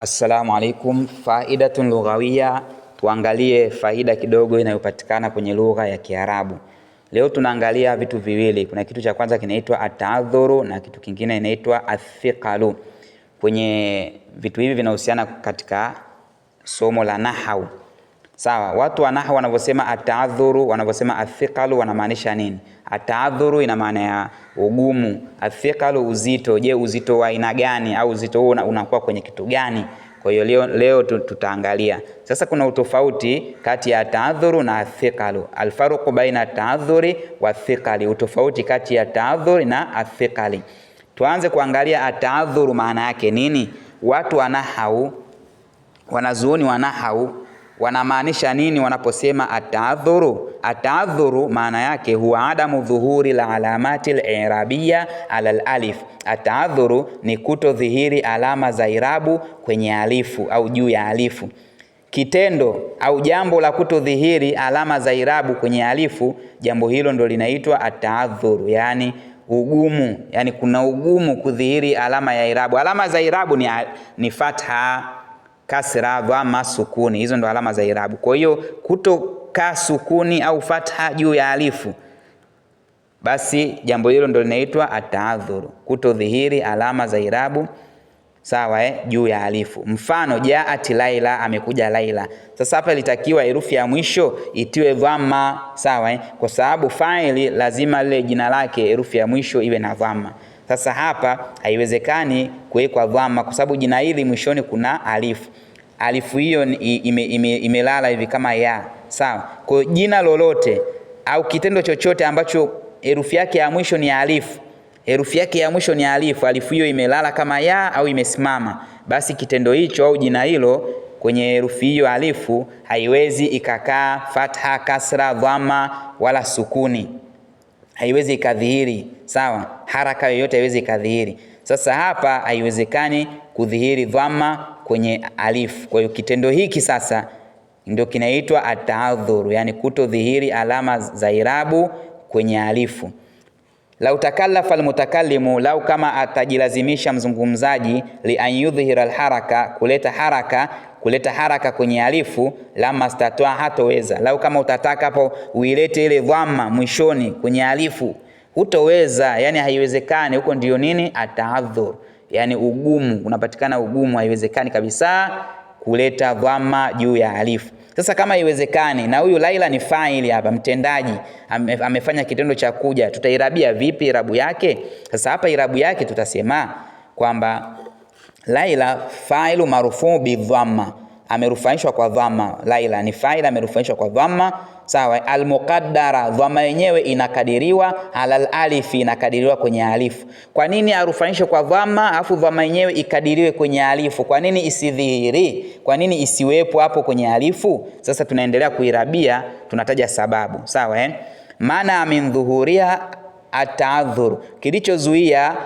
Assalamu alaikum. Faidatun lughawiya tuangalie faida kidogo inayopatikana kwenye lugha ya Kiarabu. Leo tunaangalia vitu viwili, kuna kitu cha kwanza kinaitwa ataadhuru na kitu kingine inaitwa athiqalu. Kwenye vitu hivi vinahusiana katika somo la nahau. Sawa, watu wa nahau wanavyosema ataadhuru, wanavyosema athiqalu wanamaanisha nini? Ataadhuru ina maana ya ugumu, athiqalu uzito. Je, uzito wa aina gani? Au uzito huo unakuwa kwenye kitu gani? Kwa hiyo leo, leo tutaangalia sasa, kuna utofauti kati ya taadhuru na athiqalu, Alfaruqu baina taadhuri wa thiqali, utofauti kati ya taadhuri na athiqali. Tuanze kuangalia ataadhuru, maana yake nini? Watu wanahau, wanazuoni wanahau, wanamaanisha nini wanaposema ataadhuru Atadhuru maana yake huwa adamu dhuhuri la alamati al-i'rabia ala al-alif. Atadhuru ni kutodhihiri alama za irabu kwenye alifu au juu ya alifu. Kitendo au jambo la kutodhihiri alama za irabu kwenye alifu, jambo hilo ndo linaitwa ataadhuru, yani ugumu, yani kuna ugumu kudhihiri alama ya irabu. Alama za irabu ni, ni fatha kasra dhamma sukuni, hizo ndo alama za irabu. Kwa hiyo kutokaa sukuni au fatha juu ya alifu, basi jambo hilo ndo linaitwa ataadhuru, kutodhihiri alama za irabu sawa eh, juu ya alifu. Mfano, jaat Laila, amekuja Laila. Sasa hapa ilitakiwa herufi ya mwisho itiwe dhamma, sawa eh, kwa sababu faili lazima lile jina lake herufi ya mwisho iwe na dhamma. Sasa hapa haiwezekani kuwekwa dhamma kwa sababu jina hili mwishoni kuna alifu. Alifu hiyo imelala ime, ime hivi kama ya sawa. Kwa jina lolote au kitendo chochote ambacho herufi yake ya mwisho ni alifu herufi yake ya mwisho ni alifu, alifu hiyo imelala kama ya au imesimama, basi kitendo hicho au jina hilo kwenye herufi hiyo alifu haiwezi ikakaa fatha, kasra, dhamma wala sukuni, haiwezi ikadhihiri sawa, haraka yoyote haiwezi ikadhihiri. Sasa hapa haiwezekani kudhihiri dhamma kwenye alifu. Kwa hiyo kitendo hiki sasa ndio kinaitwa ataadhuru, yani kutodhihiri alama za irabu kwenye alifu. Lau takalafa almutakallimu, lau kama atajilazimisha mzungumzaji, li an yudhhira alharaka, kuleta haraka kuleta haraka kwenye alifu, la mastatwa, hatoweza. Lau kama utataka hapo uilete ile dhamma mwishoni kwenye alifu hutoweza, yani haiwezekani. Huko ndio nini? ataadhur yani ugumu unapatikana, ugumu, haiwezekani kabisa kuleta dhama juu ya alifu. Sasa kama haiwezekani, na huyu Laila ni faili hapa, mtendaji amefanya kitendo cha kuja, tutairabia vipi irabu yake? Sasa hapa irabu yake tutasema kwamba Laila failu marufuu bidhamma, amerufaishwa kwa dhamma. Laila ni faili amerufaishwa kwa dhamma sawa. Almuqaddara, dhama yenyewe inakadiriwa, alal alifi, inakadiriwa kwenye alifu. Kwa nini arufanishe kwa dhama afu dhama yenyewe ikadiriwe kwenye alifu? Kwa nini isidhihiri? Kwa nini isiwepo hapo kwenye alifu? Sasa tunaendelea kuirabia, tunataja sababu, sawa eh? Maana min dhuhuria ataadhuru, kilichozuia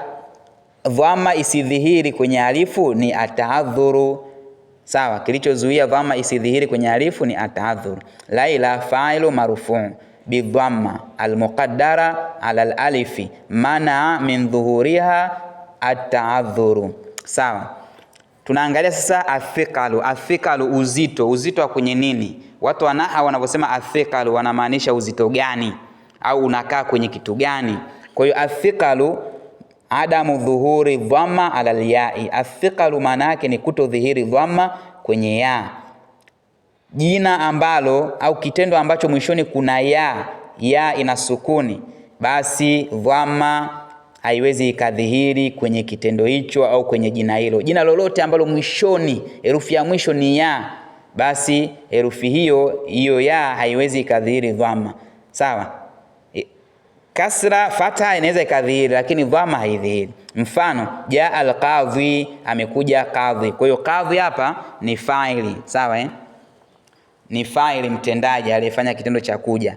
dhama isidhihiri kwenye alifu ni ataadhuru Sawa, kilichozuia dhamma isidhihiri kwenye alifu ni atadhur. Laila failu marufu bidhamma almuqaddara ala alalifi manaa min dhuhuriha ataadhuru. Sawa, tunaangalia sasa athikalu. Athikalu uzito, uzito wa kwenye nini? Watu wanaha wanaposema athikalu wanamaanisha uzito gani, au unakaa kwenye kitu gani? Kwa hiyo athikalu adamu dhuhuri dhamma ala alyai. Athiqalu maana yake ni kutodhihiri dhamma kwenye ya. Jina ambalo au kitendo ambacho mwishoni kuna ya, ya ina sukuni, basi dhamma haiwezi ikadhihiri kwenye kitendo hicho au kwenye jina hilo. Jina lolote ambalo mwishoni herufi ya mwisho ni ya, basi herufi hiyo hiyo ya haiwezi ikadhihiri dhamma. Sawa. Kasra fatha inaweza ikadhihiri, lakini dhamma haidhihiri. Mfano, ja alqadhi, amekuja kadhi. Kwa hiyo kadhi hapa ni faili, sawa eh? Ni faili, mtendaji aliyefanya kitendo cha kuja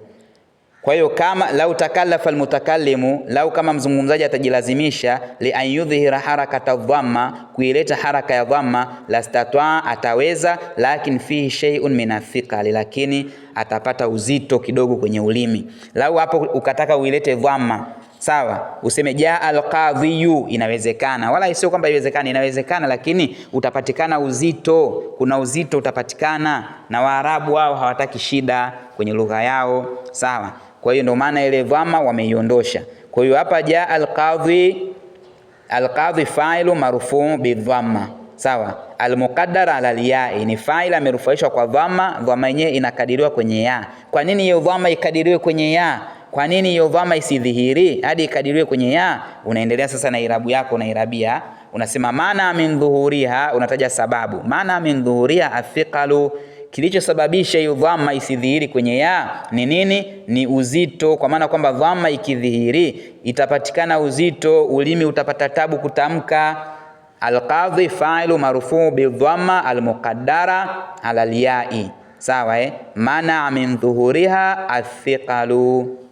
kwa hiyo kama lau takalafa almutakallimu, lau kama mzungumzaji atajilazimisha, li an yudhhira harakata dhamma, kuileta haraka ya dhamma, lastataa, ataweza, lakin fihi shay'un min athiqali, lakini atapata uzito kidogo kwenye ulimi. Lau hapo ukataka uilete dhamma Sawa, useme jaa alqadhiyu, inawezekana. Wala sio kwamba iwezekana, inawezekana, lakini utapatikana uzito, kuna uzito utapatikana. Na Waarabu wao hawataki shida kwenye lugha yao, sawa. Kwa hiyo ndio maana ile dhamma wameiondosha. Kwa hiyo hapa ja alqadhi, alqadhi fa'ilu marfuu bidhamma, sawa. Almuqaddara ala liyai ni fa'il amerufaishwa kwa dhamma, dhamma yenyewe inakadiriwa kwenye ya. Kwa nini hiyo dhamma ikadiriwe kwenye ya? Kwa nini hiyo dhamma isidhihiri hadi ikadiriwe kwenye ya? Unaendelea sasa na irabu yako, irabia unasema, maana min dhuhuriha, unataja sababu, maana min dhuhuriha athiqalu Kilichosababisha hiyo dhama isidhihiri kwenye ya ni nini? Ni uzito, kwa maana kwamba dhama ikidhihiri itapatikana uzito, ulimi utapata tabu kutamka. Alqadhi failu marufuu bidhamma almuqaddara ala alyai, sawa eh? Mana min dhuhuriha athiqalu